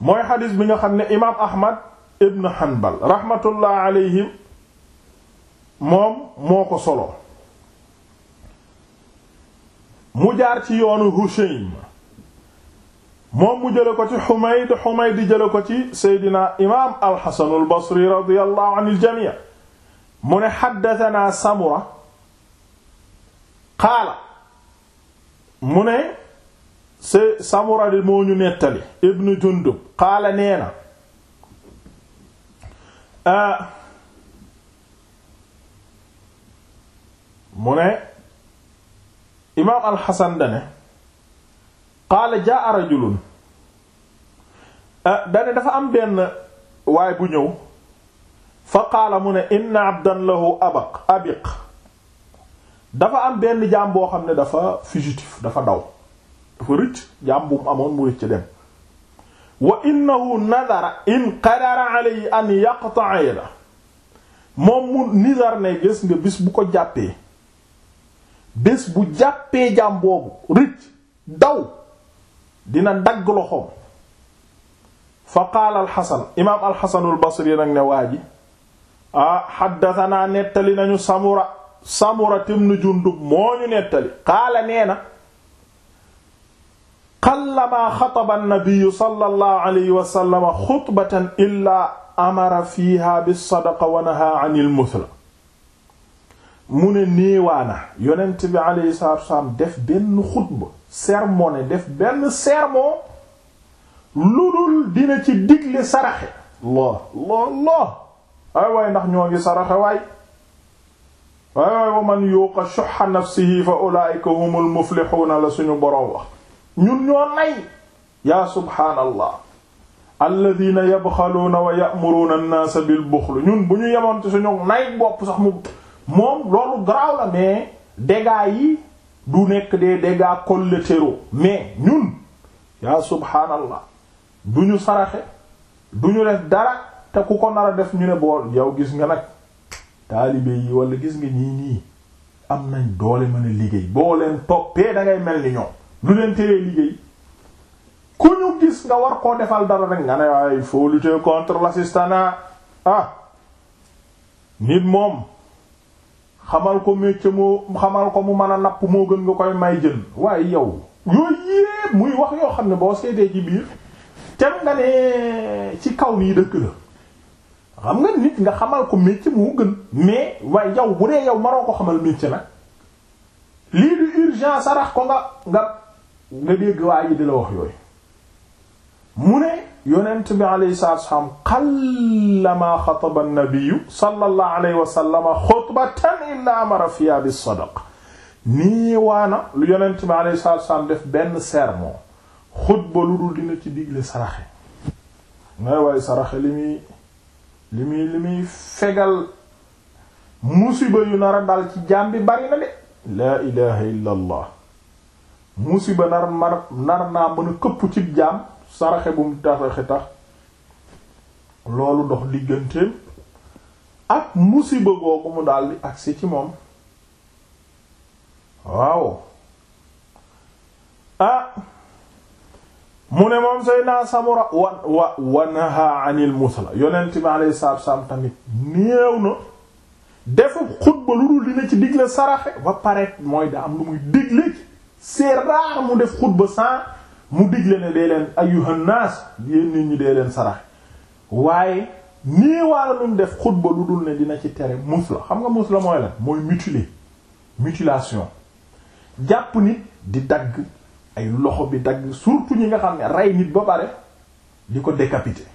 mooy xadis bi nga xam ne imaam Ahmad ibn Hanbal rahmatullah alayhim moom moo ko solo mu jaar ci yoonu Hushaym moom mu jële ko ci Humayd Humayd jële ko ci Seydina imaam al-Hasan al-Basri radiyallahu anil jamii mu ne haddathanaa Samura qaala mu ne se Samura di moo ñu nettali ibnu Jundub qaala nee na ah, mu ne imaam alxasan dane qaala jaa rajulun ah, dane dafa am benn waay bu ñëw fa qaala mu ne inna abdan lahu abaq abiq dafa am benn jaam boo xam ne dafa fugitif dafa daw dafa rëcc jaam bu mu amoon mu rëcc dem wa innahu nadara in qadara alayhi an yaqta'a yada moom mu nizar ne gis nga bis bu ko jàppee bés bu jàppee jaam boobu daw dina dagg loxoom fa qaala alxasan imaam alxasanul basri nag ne waa ji nettali nañu samura samura ibn jundub moo ñu nettali qaala nee qallamaa xataba nnabiyu sallallahu alayhi wa sallam xutbatan illaa amara fiihaa bissadaqa wa nahaa anil muthla mu ne néewaana yonent bi alayhi salaatu wasalaam def benn xutba sermone def benn sermon lu dul dina ci digle saraxe Allah Allah Allah ay waay ndax ñoo ngi saraxe waay waay waay wa man yuuqa shuhha nafsihi fa ulaa'ika humul muflihuuna la suñu boroom wax ñun ñoo nay yaa subhaanallah alladina yabxaluuna wa ya'muruuna an-naasa bil buxl ñun bu ñu yemoon ci suñu nay bopp sax mu moom loolu garaaw la mais dégâts yi du nekk des dégâts collatéraux mais ñun yaa subhaanallah du ñu saraxe du ñu def dara te ku ko nar def ñu ne bool yow gis nga nag taalibe yi wala gis nga ñii nii am nañ doole mën liggéey boo leen toppee da ngay mel ni ñoom du leen teree liggéey ku ñu gis nga war koo defal dara rek nga ne waaye ah, il faut lutter contre l'assistanat ah nit moom xamal ko métier moo xamal ko mu mën a napp moo gën nga koy may jën waaye yow yooyu yépp muy wax yoo xam ne boo seetee ci biir tem nga ne ci kaw nii dëkk la xam nga nit nga xamal ko métier moo gën mais waaye yow bu dee ma maroo ko xamal ci nag lii du urgence sarax ko nga nga nga dégg waa ji di la wax yooyu mu ne yonent bi alayhi salaatu wassalaam xallamaa xataba an-nabiyyu sallallahu alayhi wa sallam xutbatan illaa amara fiihaa bis-sadaqa nii waana lu yonent bi alayhi salaatu wassalaam def benn sermon xutba lu dul dina ci digle saraxe ngay waaye saraxe li muy li muy li muy fegal musiba yu nar a dal ci jaam bi bari na de laa ilaaha illallah musiba nar mar nar naa mën a këpp ci jaam saraxe bu mu taxaxe tax loolu dox digganteem ak musiba googu mu daldi agsi ci moom waaw ah mu ne moom say naa samura wa wa wanaha anil musla yonent bi alayhi salaatu salaam tamit néew na defu xutba lu dul dina ci digle saraxe ba pare mooy daa lu muy digle c'est rare mu def xutba sans mu digle ne dee leen ayyuhannaas yéen nit ñi dee leen sarax waaye nii waa la def xutba lu dul ne dina ci tere musla xam nga musla mooy la mooy mutiler mutilation jàpp nit di dagg ay loxo bi dagg surtout ñi nga xam ne rey nit ba pare di ko décapiter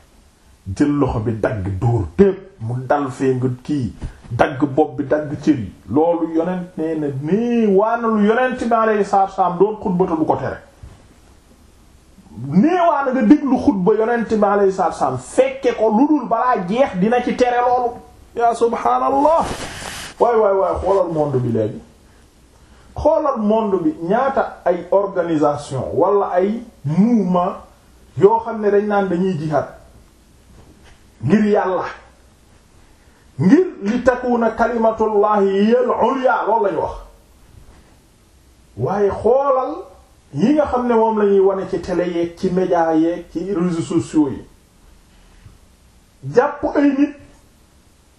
jël loxo bi dagg dóor tépp mu dal fee nga kii dagg bopp bi dagg cër loolu yonent nee na nii waana lu yonent bi alayhi salaatu doon xutba te ko tere nii waana nga déglu xutba yonent bi alayhi salaatu fekke ko lu dul balaa jeex dina ci tere loolu yaa subhaanallah waay waay waay xoolal monde bi léegi xoolal monde bi ñaata ay organisation walla ay mouvement yoo xam ne dañ naan dañuy jihaad ngir yàlla ngir li takuna kalimatullahi yiyal ulya loolu lañu wax waaye xoolal yi nga xam ne moom lañuy wane ci tele yeeg ci média yeeg ci réseaux sociaux yi jàpp ay nit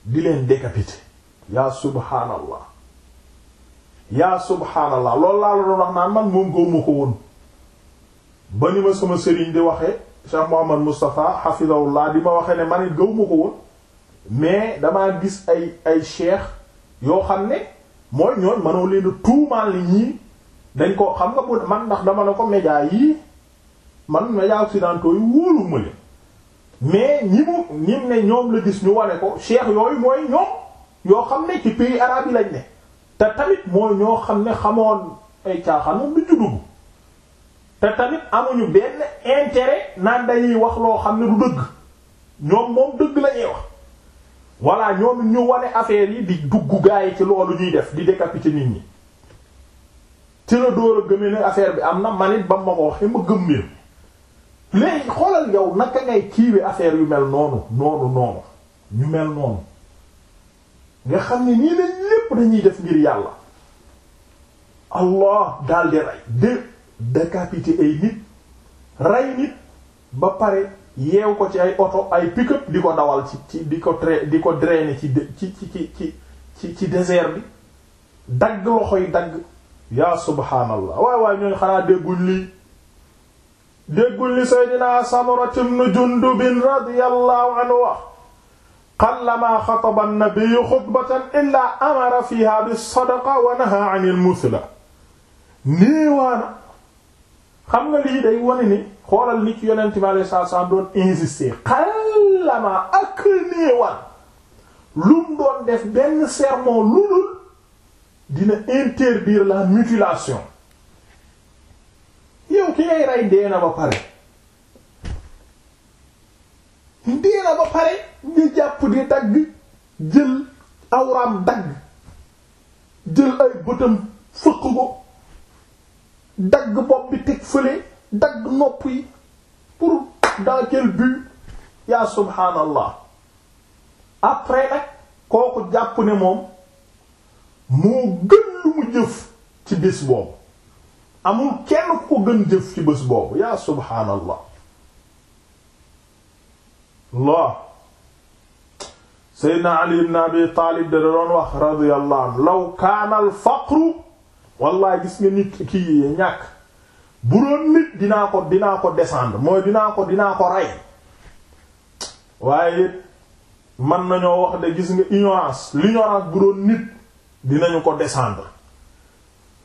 di leen décapiter yaa subhaanallah yaa subhaanallah loolu laa la doon wax naan man moom góob ko woon ba ni ma sama sëriñ di waxe Cheikh Mouhamad Moustapha hafizahullah di ma waxee ne man it ko woon mais damaa gis ay ay cheikh yoo xam ne mooy ñoon mënoo leen tuumaal li ñii dañ ko xam nga bu man ndax dama ne ko média yii man média occidentaux yi wóolu ma leen mais ñi ñim ne ñoom la gis ñu wane ko cheikh yooyu mooy ñoom yoo xam ne ci pays arabe yi lañ ne te tamit mooy ñoo xam ne xamoon ay caaxaan moom du juddu te tamit amuñu benn intérêt naan dañuy wax loo xam ne du dëgg ñoom moom dëgg lañuy wax voilà ñoom ñu wane affaire yi di dugg gaa yi ci loolu ñuy def di décapiter nit ñi ci la door a gëmee ne affaire bi am na man it ba ma ko waxee ma gëm mbir mi léegi affaire yu mel noonu noonu mel noonu nga nii lañ lépp dañuy def ngir yàlla allah daal rey de décapiter ay nit rey nit ba pare. yeew ko ci ay oto ay pick-up di ko dawal ci ci di ko tra di ko drainer ci ci ci ci ci ci désert bi dagg loxo yi dagg yaa subhaanallah waay waay ñooñu xanaa dégguñ lii dégguñ li sayyidina Samuratu ibn Jundub radiyallahu anhu wa qallama xataba an-nabiyyu xutbatan illaa amara fiihaa bis-sadaqa wa nahaa anil muthla néewaana xam nga lii day wane ni xoolal li ci yonent bi alayhi salaatu doon insister xalama ak néewal lu mu doon def benn sermon lu dul dina interdire la mutilation yow ki ngay rey dee na ba pare dee na ba pare di jàpp di dagg jël awraam dagg jël ay bëtam fëq ko dagg bopp bi teg fële dagg nopp yi pour dans quel but yaa subhaanallah après nag kooku jàpp ne moom moo gën lu mu jëf ci bés boobu amul kenn ku gën jëf ci bés boobu yaa subhaanallah Allah Seydina Ali ibn Abi Taalib da doon wax radiyallahu anhu law kaana al faqru wallaay gis nga nit kii ñàkk bu doon nit dinaa ko dinaa ko descendre mooy dinaa ko dinaa ko rey waaye man nañoo wax de gis nga ignorance l'ignorance bu doon nit dinañu ko descendre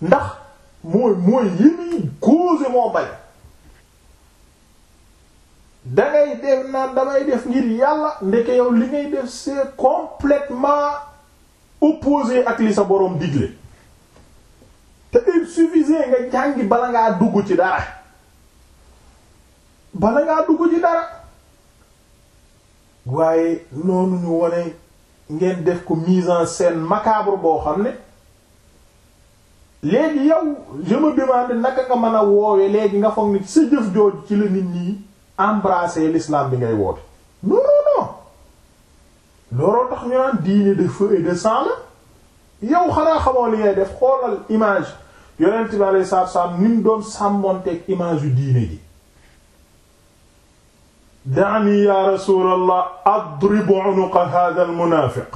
ndax mooy mooy yi muy moo bay dangay def naan damay def ngir yàlla ndeke yow li ngay def c'est complètement opposé ak li sa boroom digle suffisait nga jàngi bala ngaa dugg ci dara bala ngaa dugg ci dara waaye noonu ñu wone ngeen def ko mise en scène macabre boo xam ne léegi yow je me demande naka nga mën a woowe léegi nga foog nit sa jëf jooj ci la nit ñi embrasser l'islam bi ngay woote non non looloo tax ñu naan diine de feu de sang la yow xanaa xamoo li ngay def xoolal image yonent bi alayhi salaatu salaam ni mu doon sàmmonteeg image yu diine ji da'ni ya rasulallah adrib unuqa hadha al munafiq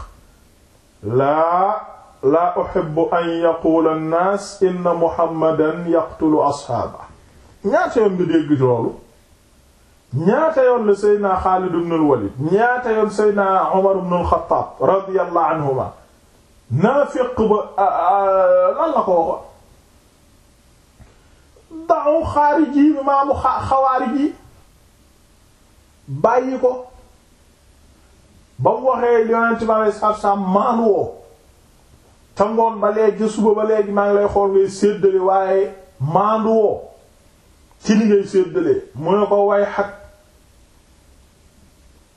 laa laa uhibbu an yaqula an-nas inna muhammadan yaqtulu ashaaba ñaata yoon nga dégg loolu ñaata yoon la seydna Xaalid ibn al-Walid ñaata yoon seydna Umar ibn al-Khattab radiyallahu anhuma naafiq ba lan la ko waxoon daaw xaariji bi maamu xawaariji bàyyi ko ba mu waxee yonent ba lay saab saab maanu woo te ngoon ba léegi suba ba léegi maa ngi lay xool ngay séddale waaye maandu woo ci li ngay séddale mu ne ko way xat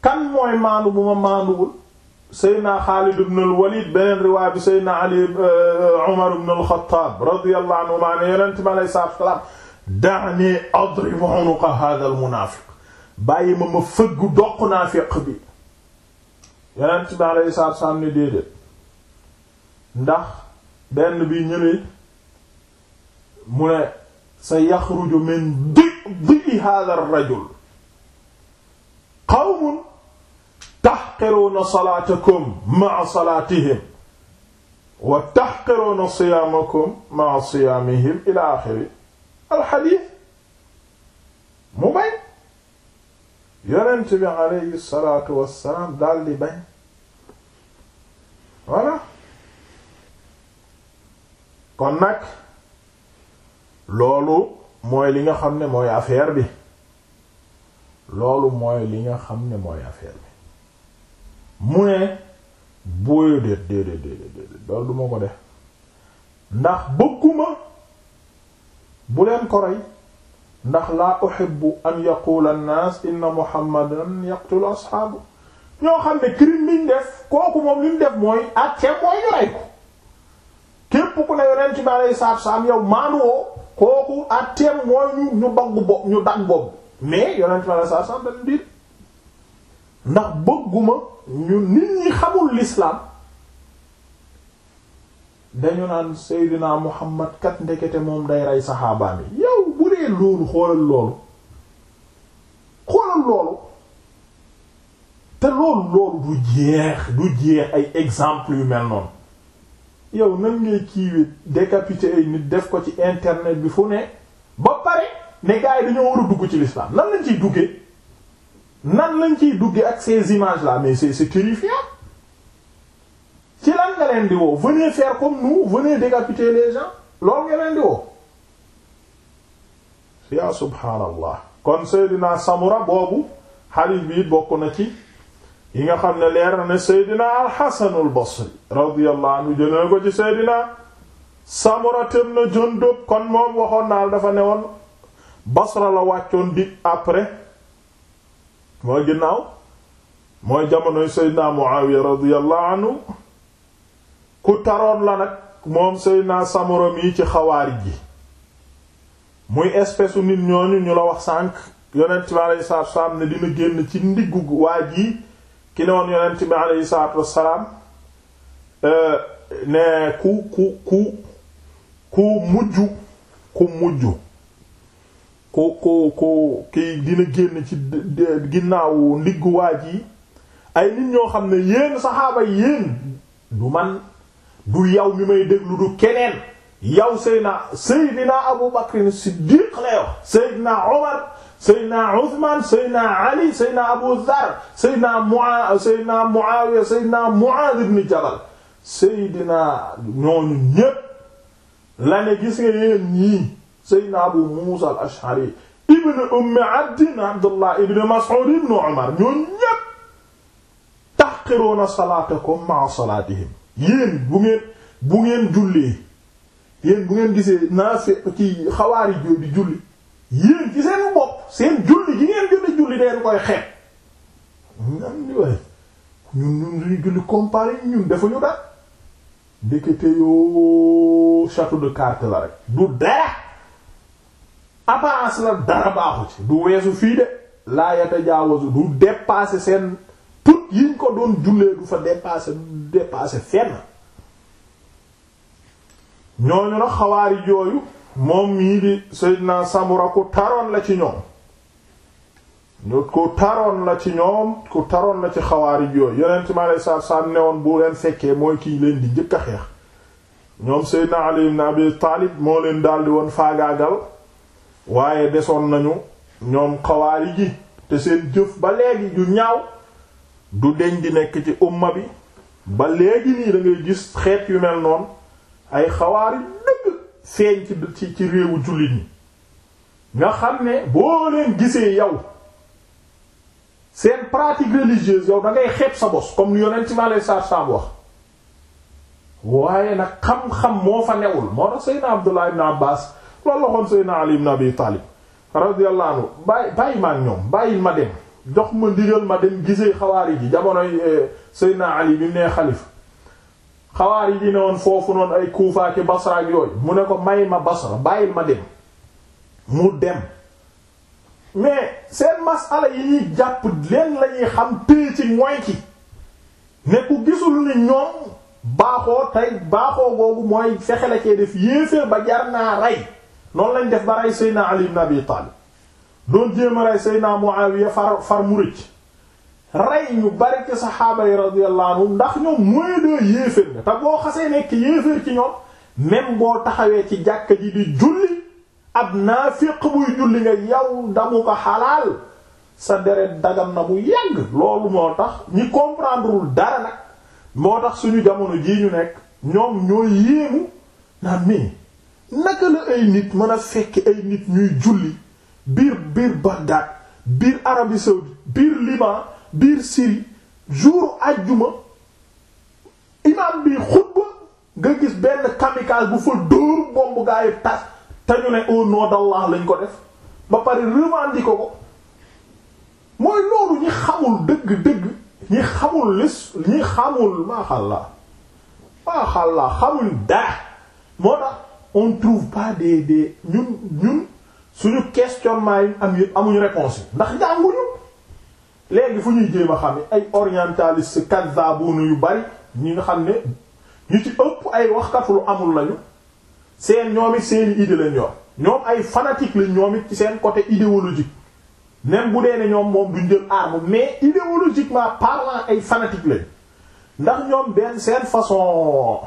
kan mooy maandu bu ma maanduwul Seydina Xaalid ibn al-Walid beneen riwaay bi Seydina Ali euh, Umar ibn al-Xattaab radiyallahu anhu maa ne yonent mi alayhi salaatu wa salaam da'nii adrib unuqa haadha al-munaafiq bàyyi ma ma fëgg doq naafiq bi yonent mi alayhi salaatu wa salaam ne déedéet ndax benn bi ñu ne mu ne sa yaxruju min di di haadha ar-rajul qawmun tahqiruuna salaatakum ma'a salaatihim wa tahqiruuna siyaamakum ma'a siyaamihim ilaa axiri alxadiis mu bañ yonent bi aleyhi salaatu wassalaam daldi bañ voilà kon nag loolu mooy li nga xam ne mooy affaire bi loolu mooy li nga xam ne mooy affaire bi mu ne booyo déet déedéet déedéet loolu duma ko def ndax bëgguma bu leen ko rey ndax laa uhibbu an yaqula an-nas inna muhammadan yaqtulu ashaabu ñoo xam ne crime liñ def kooku moom liñ def mooy àtte mooy ñu rey ko képp ku ne yonent bi alayhi salaatu salaam yow maanuwoo kooku àtte mooy ñu ñu dagg bopp ñu dagg bopp mais yonent bi alayhi salaatu salaam dañ biir ndax bëgguma ñu nit ñi xamul l'islam dañu naan Seydina Muhammad ndekete moom day rey saxaabaam yi yow bu dee loolu xoolal loolu xoolal loolu te loolu loolu du jeex du jeex ay exemple yu mel noonu yow nan ngay kiiwee décapité ay nit def ko ci internet bi fu ne ba pare ne gars yi dañoo war a dugg ci l'islam nan lañ ci duggee nan lañ ciy duggee ak ces images là mais c'est c'est terrifiant ci lan nga leen di woo venez faire comme nous venez décapiter les gens loolu nga woo yaa subhaanallah kon Seydina Samura boobu xadiis bi bokk na ci yi nga xam ne leer na ne Seydina al-Hasan al-Basri radiyallahu ko ci Seydina Samura ibn Jundub kon moom waxoon naa dafa newoon Basra la wàccoon bi après mooy ginnaaw mooy jamonoy Seydina Muawiya radiyallahu anhu ku taroon la nag moom Seydina Samura mi ci xawaarij ji muy espèce nit ñooñu ñu la wax sànq yonent bi aleyhi salaatu wasalaam ne ci ndiggu waa ji ki ne woon yonent bi aleyhi euh, ku ku ku ku mujj ku mujj ko ko ko kii dina génn ci ginnaawu ndiggu waaj ay nit ñoo xam ne yéen saxaaba yéen du man du yow mi may déglu du keneen yow Seydina Seydina Abu Bakr Siddiq la yow Seydina Omar Seydina Ousmane Seydina Ali Abu Zar Seydina Muawiya Seydina Muawiya Seydina Muaaz ibn Jabal la ne gis nga yéen Seydina Abu Muusa al-Ash'ari ibn Ummi Abd Abdullah ibn Mas'ud ibn Umar ñoom ñépp tahqiruuna salaatakum ma'a salaatihim yéen bu ngeen bu ngeen jullee yéen bu ngeen gisee naa se ci xawaari joo di julli yéen ci seen bopp seen julli gi ngeen julli julli deen koy xeet ñun ñun duñu julli comparé ñun dafa ñu dara ndekete yoo château de cartes la rek du dara apparence la dara baaxu ci du weesu fii de laa yatajaawazu du dépasser seen put yiñ ko doon jullee du fa dépasser du dépasser fenn ñooñu nag xawaari jooyu moom mii di Seydina Samura ku taroon la ci ñoom ku taroon la ci ñoom ku taroon la ci xawaari jooyu yeneen ci ma lay bu leen fekkee mooy kii leen di njëkk xeex ñoom Seydina Ali ibn Abi Taalib moo leen daldi woon faagaagal waaye desoon nañu ñoom xawaari ji te seen jëf ba léegi ju ñaaw du deñ di nekk ci umma bi ba léegi nii dangay gis xeet yu mel noon ay xawaari dëgg feeñ ci réewu jullit ñi nga xam ne boo leen gisee yow seen pratique religieuse yow da ngay xeeb sa bos comme ni yonent mi aleyhi salaatu salaam wax waaye nag xam-xam moo fa newul moo tax Seydina Abdullah ibn Abbas loolu la xoon Seydina Ali na Abi Talib radiyallahu anhu bàyyi bàyyi ma ñoom bàyyi ma dem jox ma ndigal ma dem gisee xawaari ji jamonoy eh, Seydina Ali bi nee xalif xawaari ji ne foofu noon ay Kufa ki Basra ak yooyu mu ne ko may ma Basra bàyyi ma dem mu dem mais seen masala yi ñuy jàpp leen la ñuy xam téye ci mooy ki ne ku gisul ni ñoom baaxoo tey baaxoo googu mooy fexe la cee def yéefee ba jar naa rey noonu lañ def ba rey Seydina Ali ibn Abi doon jéem rey Seydina Muawiya far far mu rëcc rey ñu bari ci saxaaba yi radiyallahu anhum ndax ñoom mooy doo yéeféer nga te boo xasee nekk yéeféer ci ñoom même boo taxawee ci jàkka ji di julli ab naafiq buy julli nga yow damu ko xalaal sa deret dagam na bu yàgg loolu moo tax ñi comprendrewul dara nag moo tax suñu jamono jii ñu nekk ñoom ñooy yéemu naan mii naka la ay nit mën a fekk ay nit ñuy julli biir biir Bagdad biir Arabie saoudite biir Liban biir Syrie jour ajjuma imam bi xutba nga gis benn kamikaze bu fa dóor bombu gaayu tas te ñu ne au nom d'Allah lañ ko def ba pare revendiquer ko mooy loolu ñi xamul dëgg-dëgg ñi xamul lis ñi xamul maaxallaa maaxallaa xamul daa moo tax on trouve pas des des ñun ñun suñu questionnement yi amuñu réponse ndax jànguñu léegi fu ñuy jéem a xam ay orientalistes kazzabun yu bari ñi nga xam ne ñu ci ëpp ay waxkat lu amul lañu seen ñoom it seen idée lañ ñoom ay fanatiques lañ ñoom it ci seen côté idéologique même bu dee ne ñoom moom duñ jël arme mais idéologiquement parlant ay fanatiques lañ ndax ñoom benn seen façon.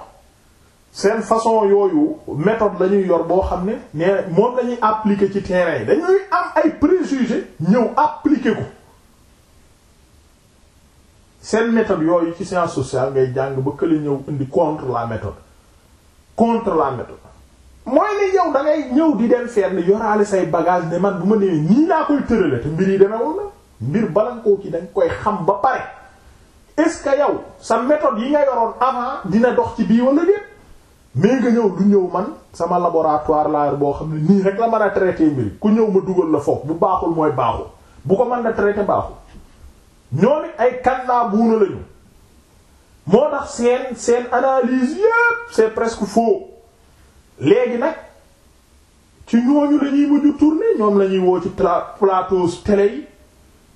seen façon yooyu méthode la yor boo xam ne nee moom lañuy ñuy ci terrain yi dañuy am ay préjugés ñëw appliquer ko seen méthode yooyu ci science sociale ngay jàng ba kële ñëw indi contre la méthode contre la méthode mooy ne yow da ngay ñëw di dem fenn yoraale say bagage ne man bu ma nee nii naa koy tërale te mbir yi demewul la mbir balankoo ki dañ koy xam ba pare est-ce que yow sa méthode yi nga yoroon avant dina dox ci bii wala déet mais nga ñëw du ñëw man sama laboratoire laa boo xam ne nii rek la mën a traité mbir ku ñëw ma dugal la foofu bu baaxul mooy baaxul bu ko man na traité baaxul ñoo it ay kànnaa buuna lañu moo tax seen seen analyse yépp c'est presque faux léegi nag ci ñooñu la ñuy mujj tourner ñoom la ñuy woo ci plateau télé yi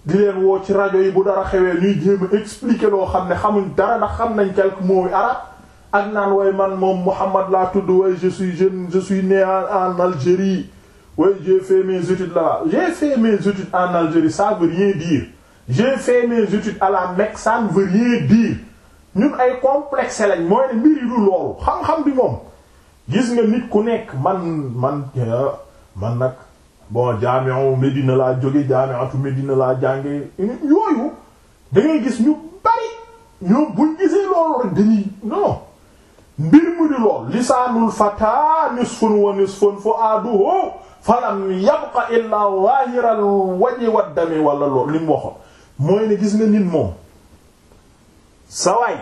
di leen woo ci rajo yi bu dara xewee ñuy jéem expliqué expliquer loo xam ne xamuñ dara ndax xam nañ quelques mots yu arab ak naan way man moom Mouhamad laa tudd way je jeune je né en Algérie way j'ai fait mes études là-bas j'ai fait en Algérie ça veut rien dire j'ai fait mes études à la Mecque ñun ay complexe lañ mooy ne mbir yi loolu xam-xam bi moom gis nga nit ku nekk man man euh, man nag bon jaami'u Medina laa jóge jaami'atu Medina laa jànge yooyu da gis ñu bari ñoom buñ gisee loolu rek dañuy non mbir mu di lool lisaanul fataa nisfun wa nisfun fu'aaduhu falam yabqa illaa zaahiral wajhi wad dami wala lool li mu waxoon mooy ne gis nga nit moom sa waay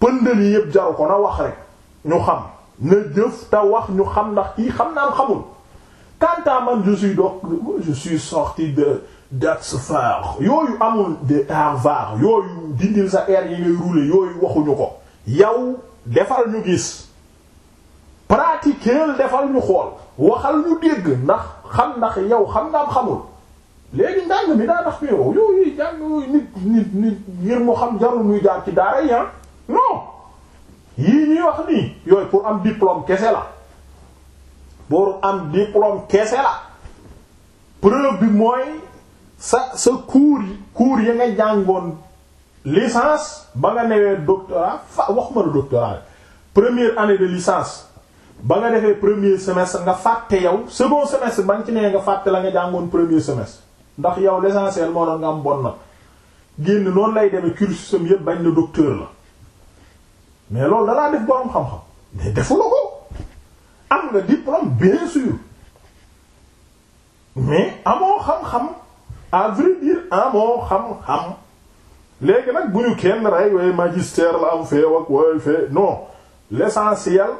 pëndal yi yëpp ko na wax rek ñu xam na jëf te wax ñu xam ndax kii xam naa xamul quant man je suis donc je suis sorti de yooyu amul de Harvard yooyu dindil sa air yi ngay rouler yooyu waxuñu ko yow defal ñu gis pratiquer defal ñu xool waxal ñu dégg ndax xam ndax yow xam nga am xamul léegi njàng mi daa tax fi yow yooyu njàng yooyu nit nit nit ngir mu xam jarul muy jaar ci daara yi ah. non yii ñuy wax nii yooyu pour am diplôme kese la pour am diplôme kese la preuve bi mooy sa sa cours cours ya nga jàngoon licence ba nga newee doctorat fa wax ma la doctorat première année de licence ba nga defee premier semestre nga fàtte yow second semestre ba nga ci nee nga fàtte la nga jàngoon premier semestre ndax yow l'essentiel moo doon nga am bon na génn noonu lay demee cursusam yëpp bañ na docteur la mais loolu dalaa def borom xam-xam mais defu la ko am nga diplôme bien sûr mais amoo xam-xam à dire amoo xam-xam léegi nag bu ñu kenn rey waaye magistère la am feew ak waaye fee non l'essentiel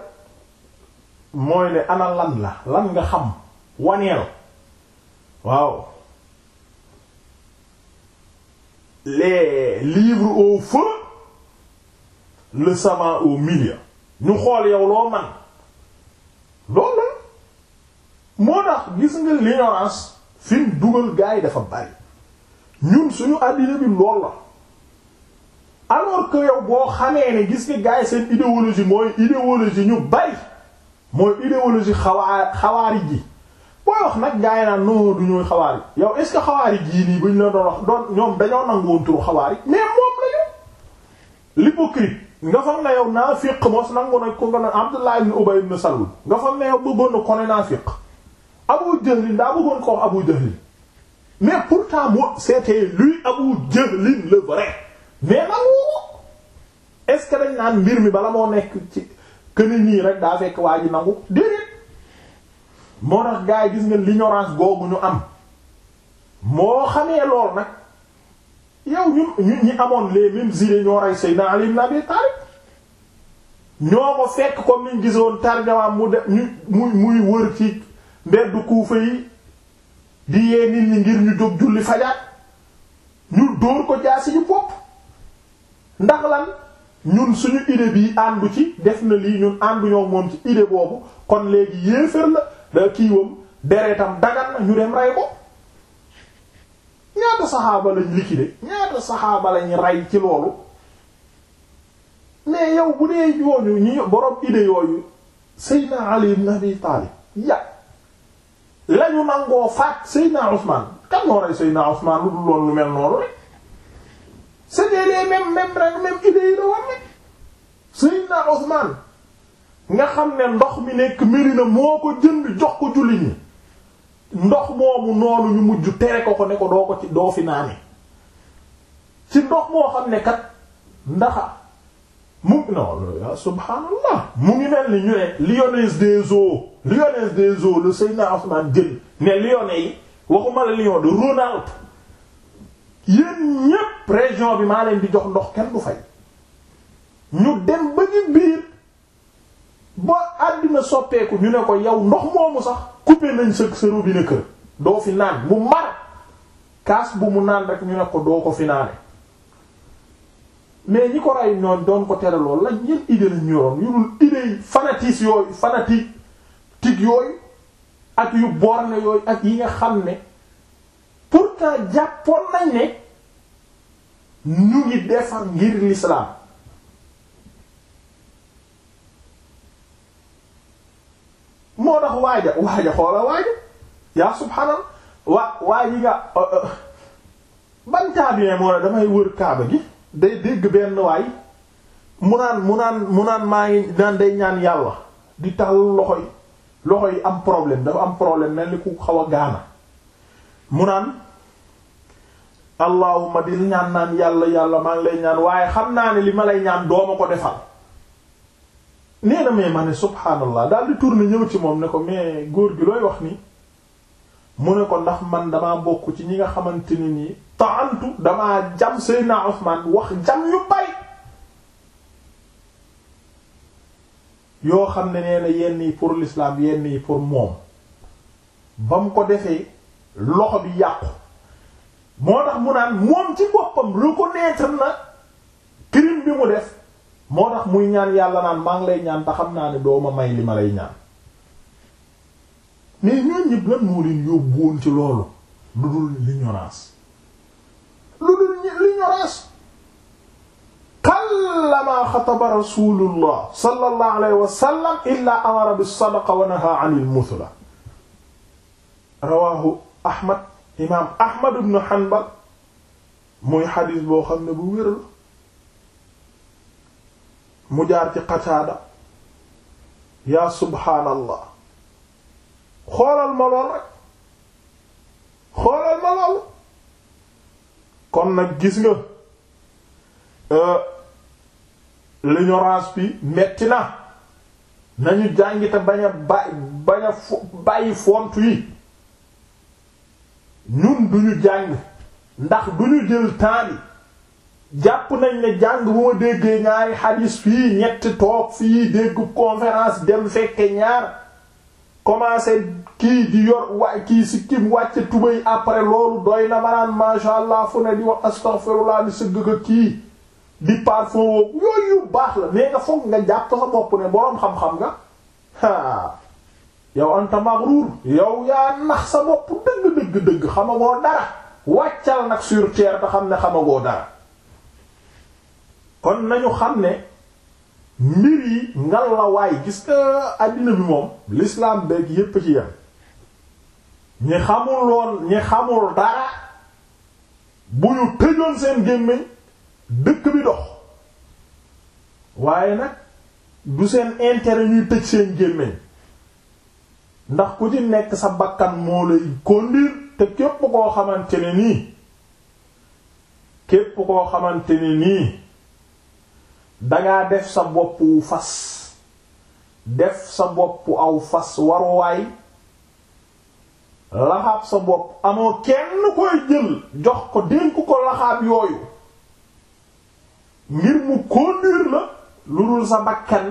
mooy ne ana lan la lan nga xam waneel waaw les livres au feu le savant au milieu ñu xool yow loo man loolu la moo tax gis nga l'ignorance fi mu dugal gars yi dafa bari ñun suñu àddina bi lool la alors que yow boo xamee ne gis nga gars yi seen idéologie mooy idéologie ñu bari mooy idéologie xawaa xawaari ji booy wax nag gars yi naan non du ñooy xawaari yow est-ce xawaari jii nii buñ la doon wax doon ñoom dañoo nanguwoon turu xawaari mais moom la ñu l'hypocrite nga fam na yow naafiq mos nangu na ko nga ne Abdullah ibn Ubay ibn Salul nga fam na yow bëggoon na naafiq Abu Jahl ndaa bëggoon ko Abu Jahl mais pourtant moo c'était lui Abu Jahl le vrai mais nangu est dañ naan mbir mi bala moo nekk ci këni nii rek daa fekk waa ji nangu déedéet moo tax gars yi gis nga l'ignorance googu ñu am moo xamee lool nag yow ñu ñi amoon les mêmes idées ñoo rey Seydina Ali ibn Abi Talib ñoo ko fekk comme niñ gisoon tarjamaam mu de mu muy wër ci mbeddu Kuufa yi di yee ñi ngir ñu jóg julli fajaat ñu dóor ko jaasi ñu ndax lan ñun suñu idée bi àndu ci def na lii ñun ànduñoo moom ci idée boobu kon léegi yéefér la da kiiwam deretam dagan na ñu dem rey ko ñaata saxaaba lañ liquider ñaata saxaaba lañ rey ci loolu mais yow bu dee yooñu ñu borom idée yooyu Seydina Ali ibn Abi Talib ya lañu nangoo faat Seydina Usman kan moo rey Seydina Usman lu dul loon mel noonu rek c'était les mêmes même rek même idée yi la war rek Seydina Ousmane nga xam ne ndox mi nekk Medina moo ko jënd jox ko julli ñi ndox moomu noonu ñu mujj tere ko ko ne ko doo ko ci doo fi naane ci ndox moo xam ne kat ndaxa mu non subhanallah ngi mel ni ñu ne le Seydina Ousmane jël ne lyonnais yi waxuma la lion de Ronaldo yéen ñépp région bi maa leen di jox ndox kenn du fay ñu dem ba ñu biir ba àddina soppeeku ñu ne ko yow ndox moomu sax coupé nañ sa sa robinet kër doo fi naan mu mar kaas bu mu naan rek ñu ne ko doo ko fi naane mais ñi ko rey ñoon doon ko tere loolu la ñeen idée lañ ñoroon yu dul idée yi fanatis yooyu fanatique tig yooyu ak yu borne yooyu ak yi nga xam ne pourtant jàppoon nañ ne ñu ngi defar ngir l'islam moo tax waaja waaja xoola waaja yaa subhaanallah waa waa nga uh, uh, ban moo ne damay wër kaaba gi day dégg benn waay mu naan mu naan mu naan maa ngi naan day ñaan yàlla di tàll loxo yi loxo yi am problème dafa am problème mel ni ku xaw a gaana mu naan allahuma di ñaan naan yàlla yàlla maa ngi lay ñaan waaye xam naa ne li ma lay ñaan dooma ko defal nee na mais ma ne subhaanallah daal di ñëw ci moom ne ko mais góor gi looy wax ni mu ne ko ndax man damaa bokk ci ñi nga xamante ne nii taantu damaa jam Seydina Usmaan wax jam yu bay yoo xam ne nee na yenn yi pour l'islam yenn yi pour moom ba mu ko defee loxo bi yàqu moo tax mu naan moom ci boppam reconnaître na crime bi mu def moo tax muy ñaan yàlla naan maa ngi lay ñaan te naa ne doo ma may li ma lay ñaan mais ñooñu ñëpp lan moo leen yóbbuwoon ci loolu lu dul l'ignorance lu dul l'ignorance kallama xataba rasulullah sallallahu alayhi wa sallam illa amara bis sadaqa wa naha anil muthla ahmad imaam Ahmad ibn Hanbal muy xadiis boo xam ne bu wér mu jaar ci Qataada yaa subhaanallah xoolal ma lool rek xoolal ma lool kon nag gis nga euh, l'ignorance bi metti na nañu jàngite bañ a bàyyi bañ a bàyyi fontu yi ñun duñu jàng ndax duñu jël temps bi jàpp nañ ne jàng bu ma déggee ñaari xadiis fii ñetti toog fii dégg conférence dem fekke ñaar commencé kii di yor wa kii si kim wàcc tubéy après loolu doy na manaan masha allah fu ne di wax astaghfirullah di sëgg ko kii di parfum yooyu yu baax la mais nga foog nga jàpp sa bopp ne boroom xam-xam nga yow anta maghrur yow yaa nax sa bopp dëgg dëgg dëgg xamagoo dara wàccal nag sur terre te xam ne xamagoo dara kon nañu xam ne mbir yi ngal la waay gis nga àddina bi moom l'islam beeg yépp ci yam ñi xamul woon ñi xamul dara bu ñu tëjoon seen gémmiñ dëkk bi dox waaye nag du seen intérêt ñuy tëj seen gémmiñ ndax ku ci nekk sa bakkan moo lay conduire te képp koo xamante ne nii képp koo xamante ne nii dangaa def sa bopp wu fas def sa bopp aw fas waruwaay laxaab sa bopp amoo kenn koy jël jox ko dénk ko laxaab yooyu ngir mu conduire la lu dul sa bakkan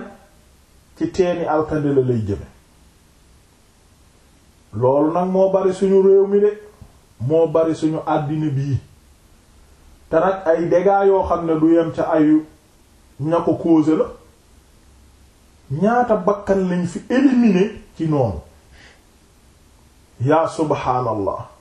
ci teeni la lay jëme loolu nag moo bari suñu réew mi de moo bari suñu àddina bii te nag ay dégâts yoo xam ne du yem ca ayu ña ko causé la ñaata bakkan lañ fi éliminé ci noonu yaa subhaanallah